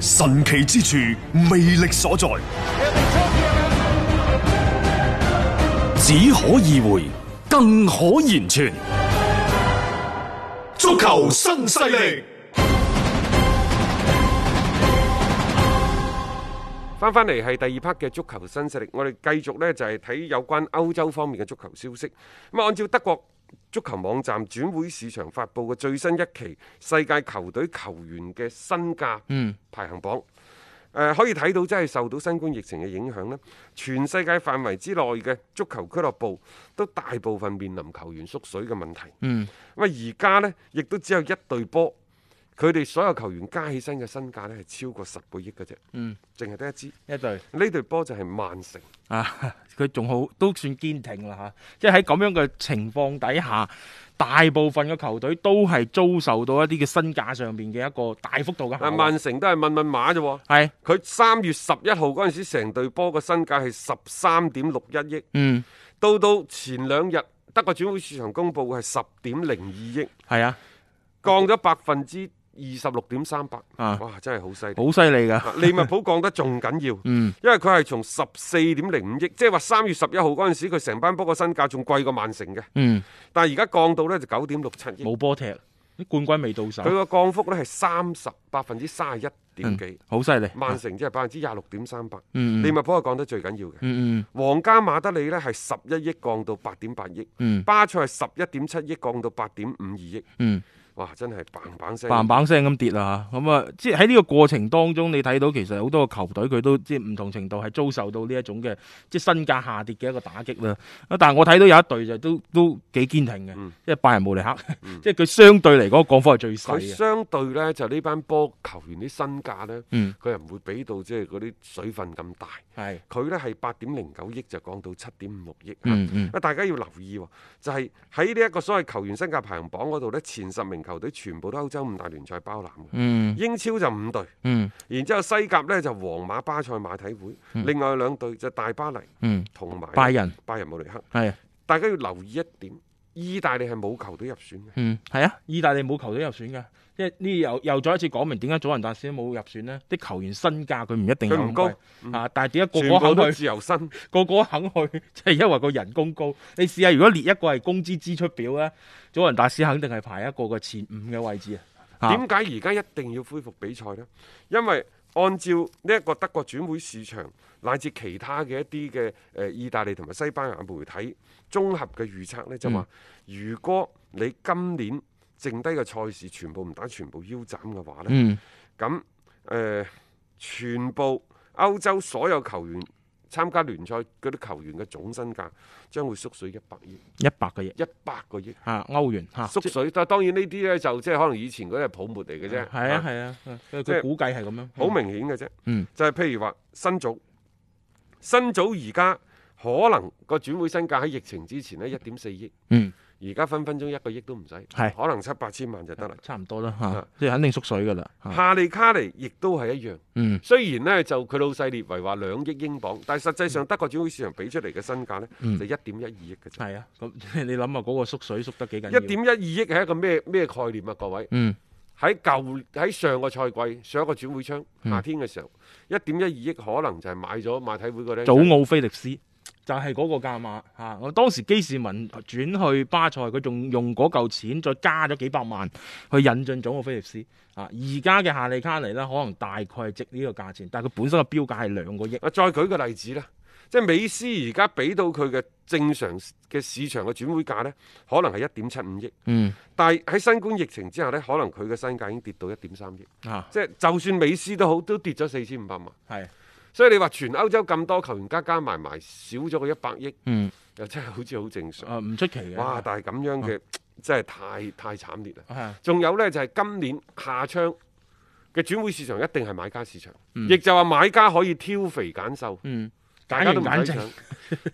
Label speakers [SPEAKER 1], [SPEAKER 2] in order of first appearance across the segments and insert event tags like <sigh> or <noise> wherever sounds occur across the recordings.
[SPEAKER 1] 神奇之處，魅力所在，只可意會，更可言傳。足球新勢力，
[SPEAKER 2] 翻翻嚟係第二 part 嘅足球新勢力，我哋繼續咧就係睇有關歐洲方面嘅足球消息。咁啊，按照德國。足球網站轉會市場發布嘅最新一期世界球隊球員嘅身價排行榜，誒、嗯呃、可以睇到，真係受到新冠疫情嘅影響咧，全世界範圍之內嘅足球俱樂部都大部分面臨球員縮水嘅問題。嗯，咁而家呢，亦都只有一隊波。佢哋所有球員加起身嘅身價呢，係超過十個億嘅啫。嗯，淨係得一支一隊對，呢隊波就係曼
[SPEAKER 1] 城啊！佢仲好都算堅挺啦嚇、啊，即係喺咁樣嘅情況底下，大部分嘅球隊都係遭受到一啲嘅身價上面嘅一個大幅度嘅下降。曼
[SPEAKER 2] 城都係問問馬啫喎。佢三、啊、月十一號嗰陣時，成隊波嘅身價係十三點六一億。嗯，到到前兩日德國轉會市場公佈係十點零二億。係啊，降咗百分之，二十六點三八啊！哇，真係好犀利！好犀利㗎！ <laughs> 利物浦降得仲緊要，因為佢係從十四點零五億，嗯、即係話三月十一號嗰陣時，佢成班波個身價仲貴過曼城嘅。嗯，但係而家降到呢就九點六七億。冇波踢，啲冠軍未到手。佢個降幅呢係三十百分之三十一點幾，
[SPEAKER 1] 好犀利。曼城
[SPEAKER 2] 只係百分之廿六點三八。利物浦係降得最緊要嘅。嗯嗯嗯、皇家馬德里呢係十一億降到八點八億。嗯、巴塞係十一點七億降到八點五二億。嗯。哇！真係棒棒聲、砰
[SPEAKER 1] 砰聲咁跌啊！咁、嗯、啊，即係喺呢個過程當中，你睇到其實好多個球隊佢都即係唔同程度係遭受到呢一種嘅即係身價下跌嘅一個打擊啦。但係我睇到有一隊就都都幾堅挺嘅，嗯、即係拜仁慕尼黑，嗯、即係佢相對嚟講降幅係最細啊。
[SPEAKER 2] 相對咧，就呢、是、班波球，球員啲身價咧，佢又唔會俾到即係嗰啲水分咁大。係佢咧係八點零九億就降到七點五六億。大家要留意喎，就係喺呢一個所謂球員身價排行榜嗰度咧，前十名。球隊全部都歐洲五大聯賽包攬嘅，嗯、英超就五隊，
[SPEAKER 1] 嗯、
[SPEAKER 2] 然之後西甲咧就皇馬、巴塞、馬體會，嗯、另外兩隊就大
[SPEAKER 1] 巴黎同埋、嗯、拜仁、拜仁慕尼黑。係的，大家要留意一點。意大利係冇球隊入選嘅，嗯，係啊，意大利冇球隊入選嘅，即係呢又又再一次講明點解祖雲達斯冇入選呢？啲球員身價佢唔一定高嚇，啊嗯、但係點解個個肯去？全部都自由身，個個肯去，即係因為個人工高。你試下如果列一個係工資支出表呢，祖雲達斯肯定係排一個個前五嘅位置啊！點
[SPEAKER 2] 解而家一定要恢復比賽呢？因為按照呢一個德國轉會市場乃至其他嘅一啲嘅誒意大利，同埋西班牙媒體綜合嘅預測咧，就話如果你今年剩低嘅賽事全部唔打，全部腰斬嘅話咧，嗯，咁誒全部歐洲所有球員。參加聯賽嗰啲球員嘅總身價將會縮水一百億，一百個億，一百個億
[SPEAKER 1] 嚇歐元嚇縮
[SPEAKER 2] 水。但係當然呢啲咧就即係可能以前嗰啲係泡沫嚟嘅啫。係啊係啊，佢估計係咁樣，好、就是、明顯嘅啫。嗯，就係譬如話新組新組而家可能個轉會身價喺疫情之前呢，一點四億。嗯。而家分分鐘一個億都唔使，可能七八千萬就得啦，差唔多啦
[SPEAKER 1] 吓，即係肯定縮水噶啦。夏
[SPEAKER 2] 利卡尼亦都係一樣，嗯，雖然呢就佢老細列為話兩億英鎊，但係實際上德國轉會市場俾出嚟嘅身價呢，就一點一二億嘅啫。係啊，咁你諗下嗰個縮水縮得幾緊要？一點一二億係一個咩咩概念啊？各位，嗯，喺舊喺上個賽季上一個轉會窗夏天嘅時候，一點一二億可能就係買咗馬體會個咧，祖奧
[SPEAKER 1] 菲力斯。就係嗰個價碼吓，我，啊，當時基士文轉去巴塞，佢仲用嗰嚿錢再加咗幾百萬去引進咗個菲利斯啊！而家嘅夏利卡尼咧，可能大概係值呢個價錢，但係佢本身嘅標價係兩個億。我再舉個例子啦，
[SPEAKER 2] 即係美斯而家俾到佢嘅正常嘅市場嘅轉會價咧，可能係一點七五億。嗯，但係喺新冠疫情之下咧，可能佢嘅身價已經跌到一點三億啊！即係就算美斯都好，都跌咗四千五百萬。係。所以你話全歐洲咁多球員加加埋埋少咗個一百億，又真係好似好正常。啊，唔出奇嘅。哇！但係咁樣嘅真係太太慘烈啦。仲有呢，就係今年夏窗嘅轉會市場一定係買家市場，亦就話買家可以挑肥揀瘦，大家都唔睇上。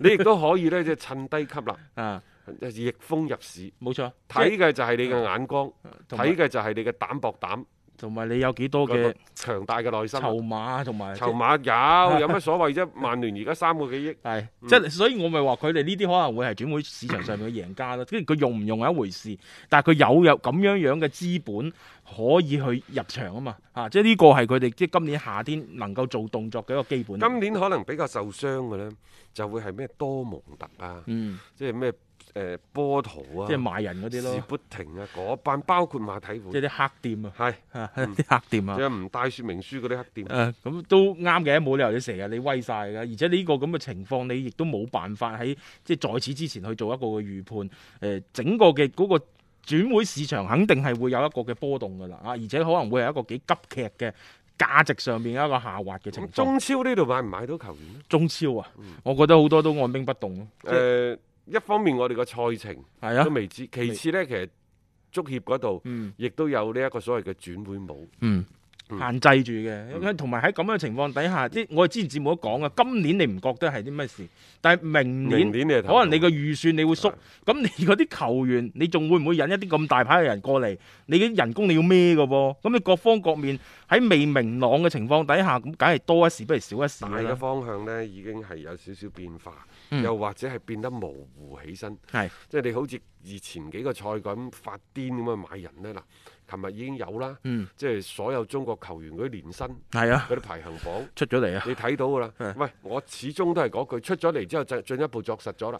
[SPEAKER 2] 你亦都可以呢，即係趁低吸納啊，逆風入市。冇錯，睇嘅就係你嘅眼光，睇嘅就係你嘅膽薄膽。同埋你有幾多嘅
[SPEAKER 1] 強大嘅內心，啊？籌碼同埋、就係、籌碼有有乜所
[SPEAKER 2] 謂啫？曼 <laughs> 聯而家三個幾
[SPEAKER 1] 億，係即係所以我咪話佢哋呢啲可能會係轉會市場上面嘅贏家咯。雖佢 <laughs> 用唔用係一回事，但係佢有有咁樣樣嘅資本。可以去入場啊嘛，嚇、啊！即係呢個係佢哋即係今年夏天能夠做動作嘅一個基本。今
[SPEAKER 2] 年可能比較受傷嘅咧，就會係咩多蒙特啊，嗯，即係咩誒波圖啊，即係賣人嗰啲咯，史
[SPEAKER 1] 布廷啊嗰班，啊、包括馬體會，即係啲黑店啊，係啲黑店啊，即係唔帶説明書嗰啲黑店啊，咁都啱嘅，冇理由你成日你威晒㗎，而且呢個咁嘅情況，你亦都冇辦法喺即係在此之前去做一個預判，誒、呃、整個嘅嗰、嗰個。轉會市場肯定係會有一個嘅波動㗎啦，啊，而且可能會係一個幾急劇嘅價值上面一個下滑嘅情況。中超呢度買唔買到球員？中超啊，嗯、我覺得好多都按兵不動。誒、就是呃，
[SPEAKER 2] 一方面我哋個賽程、啊、都未知，其
[SPEAKER 1] 次呢，其實足協嗰度亦都有呢一個所謂嘅轉會帽。嗯限制住嘅，同埋喺咁嘅情況底下，即係我之前節目都講啊，今年你唔覺得係啲咩事？但係明年，明年可能你個預算你會縮，咁是的 你嗰啲球員，你仲會唔會引一啲咁大牌嘅人過嚟？你啲人工你要孭㗎喎？咁你各方各面喺未明朗嘅情況底下，咁梗係多一事不如少一事。大嘅
[SPEAKER 2] 方向咧，已經係有少少變化，又或者係變得模糊起身。係的，即係你好似。而前幾個賽咁發癲咁去買人呢？嗱，琴日已經有啦，即係所有中國球員嗰啲年薪，嗰啲排行榜出咗嚟啊！你睇到噶啦，喂，我始終都係嗰句，出咗嚟之後進進一步作實咗啦。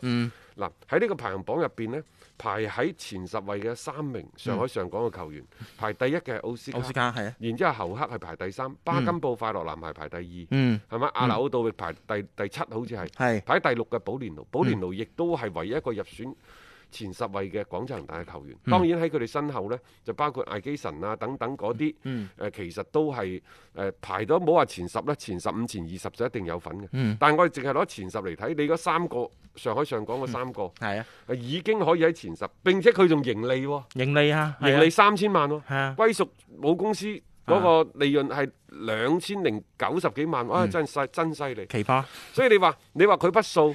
[SPEAKER 2] 嗱，喺呢個排行榜入邊呢，排喺前十位嘅三名上海上港嘅球員，排第一嘅奧斯卡，奧斯卡係啊，然之後侯克係排第三，巴金布快樂男排排第二，嗯，係嘛？阿劉道排第第七好似係，係排第六嘅保連奴，保連奴亦都係唯一一個入選。前十位嘅廣州恒大嘅球員，嗯、當然喺佢哋身後呢，就包括艾基臣啊等等嗰啲，誒、嗯呃、其實都係誒、呃、排到冇話前十啦，前十五、前二十就一定有份嘅。嗯、但係我哋淨係攞前十嚟睇，你嗰三個上海上港嗰三個係、嗯、啊，已經可以喺前十，並且佢仲盈利喎，
[SPEAKER 1] 盈利啊，盈利，啊啊盈利三
[SPEAKER 2] 千萬喎、啊，啊、歸屬母公司嗰個利潤係兩千零九十幾萬，哇、嗯！真犀真犀利，奇葩。所以你話你話佢不數？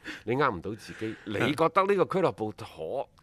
[SPEAKER 2] 你呃唔到自己？你覺得呢個俱樂部可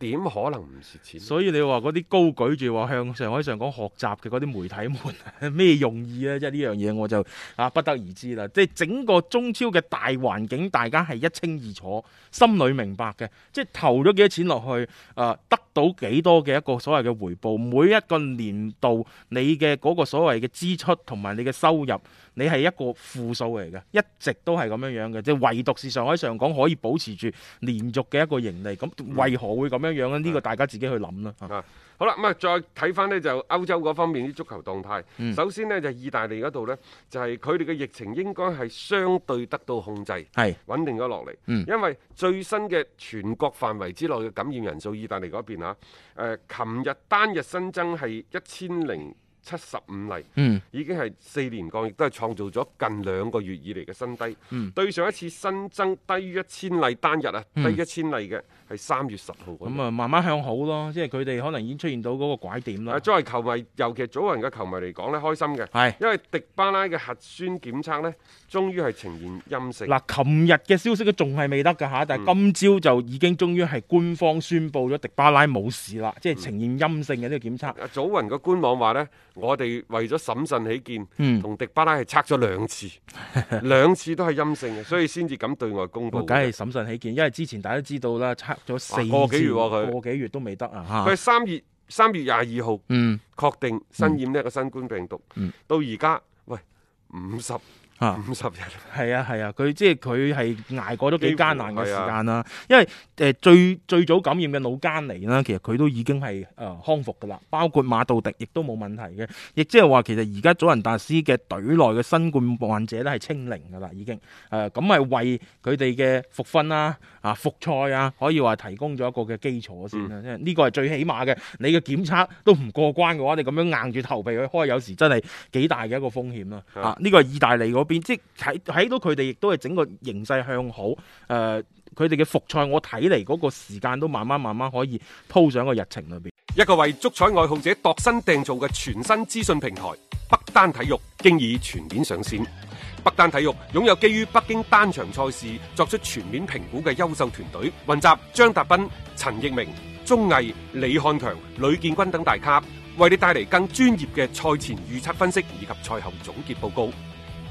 [SPEAKER 2] 點可能唔蝕錢？所
[SPEAKER 1] 以你話嗰啲高舉住話向上海上港學習嘅嗰啲媒體們，咩用意啊？即係呢樣嘢我就啊不得而知啦。即係整個中超嘅大環境，大家係一清二楚，心裏明白嘅。即係投咗幾多錢落去，啊，得到幾多嘅一個所謂嘅回報。每一個年度你嘅嗰個所謂嘅支出同埋你嘅收入，你係一個負數嚟嘅，一直都係咁樣樣嘅。即係唯獨是上海上港可。可以保持住連續嘅一個盈利，咁為何會咁樣樣呢？呢、嗯、個大家自己去諗啦。嚇，
[SPEAKER 2] 好啦，咁啊，再睇翻呢，就歐洲嗰方面啲足球動態。嗯、首先呢，就係、意大利嗰度呢，就係佢哋嘅疫情應該係相對得到控制，係穩是定咗落嚟。嗯、因為最新嘅全國範圍之內嘅感染人數，意大利嗰邊啊，誒、呃，琴日單日新增係一千零。七十五例，嗯、已經係四年降，亦都係創造咗近兩個月以嚟嘅新低。嗯、對上一次新增低於一千例單日啊，低於一千例嘅。嗯係三月十號咁啊，
[SPEAKER 1] 慢慢向好咯，即係佢
[SPEAKER 2] 哋可能已經出現到嗰個拐點啦、啊。作為球迷，尤其祖雲嘅球迷嚟講咧，開心嘅，係是因為
[SPEAKER 1] 迪巴拉嘅核酸檢測咧，終於係呈現陰性。嗱，琴日嘅消息都仲係未得㗎吓，但係今朝就已經終於係官方宣布咗迪巴拉冇事啦，嗯、即係呈現陰性嘅呢、呢個檢測。祖雲嘅官網話咧，我哋為咗審慎起見，同、
[SPEAKER 2] 嗯、迪巴拉係測咗兩次，兩次都係陰性，嘅，所以先至敢對外公佈。我梗係審慎起見，因為之前大家都知道啦，測。仲有四個、啊、幾月、啊，佢個
[SPEAKER 1] 幾月都未得啊！佢
[SPEAKER 2] 三月三月廿二號確定新染呢個新冠病毒，嗯嗯、到而家
[SPEAKER 1] 喂，五十。 <laughs> 啊，五十日係啊係啊，佢即係佢係挨過咗幾艱難嘅時間啦。 啊、因為誒、呃、最最早感染嘅魯堅嚟啦，其實佢都已經係誒康復噶啦。包括馬杜迪亦都冇問題嘅，亦即係話其實而家祖雲達斯嘅隊內嘅新冠患者咧係清零噶啦，已經誒咁係為佢哋嘅復訓啦、啊、啊復賽啊，可以話提供咗一個嘅基礎先啦。即呢個係最起碼嘅，你嘅檢測都唔過關嘅話，你咁樣硬住頭皮去開，有時真係幾大嘅一個風險啦。啊，呢個係意大利邊即睇，睇到佢哋，亦都係整個形勢向好。誒、呃，佢哋嘅複賽，我睇嚟嗰個時間都慢慢慢慢可以鋪上個日程裏邊。
[SPEAKER 2] 一個為足彩愛好者度身訂造嘅全新資訊平台北單體育，經已全面上線。北單體育擁有基於北京單場賽事作出全面評估嘅優秀團隊，雲集張達斌、陳奕明、鍾毅、李漢強、呂建軍等大咖，為你帶嚟更專業嘅賽前預測分析以及賽後總結報告。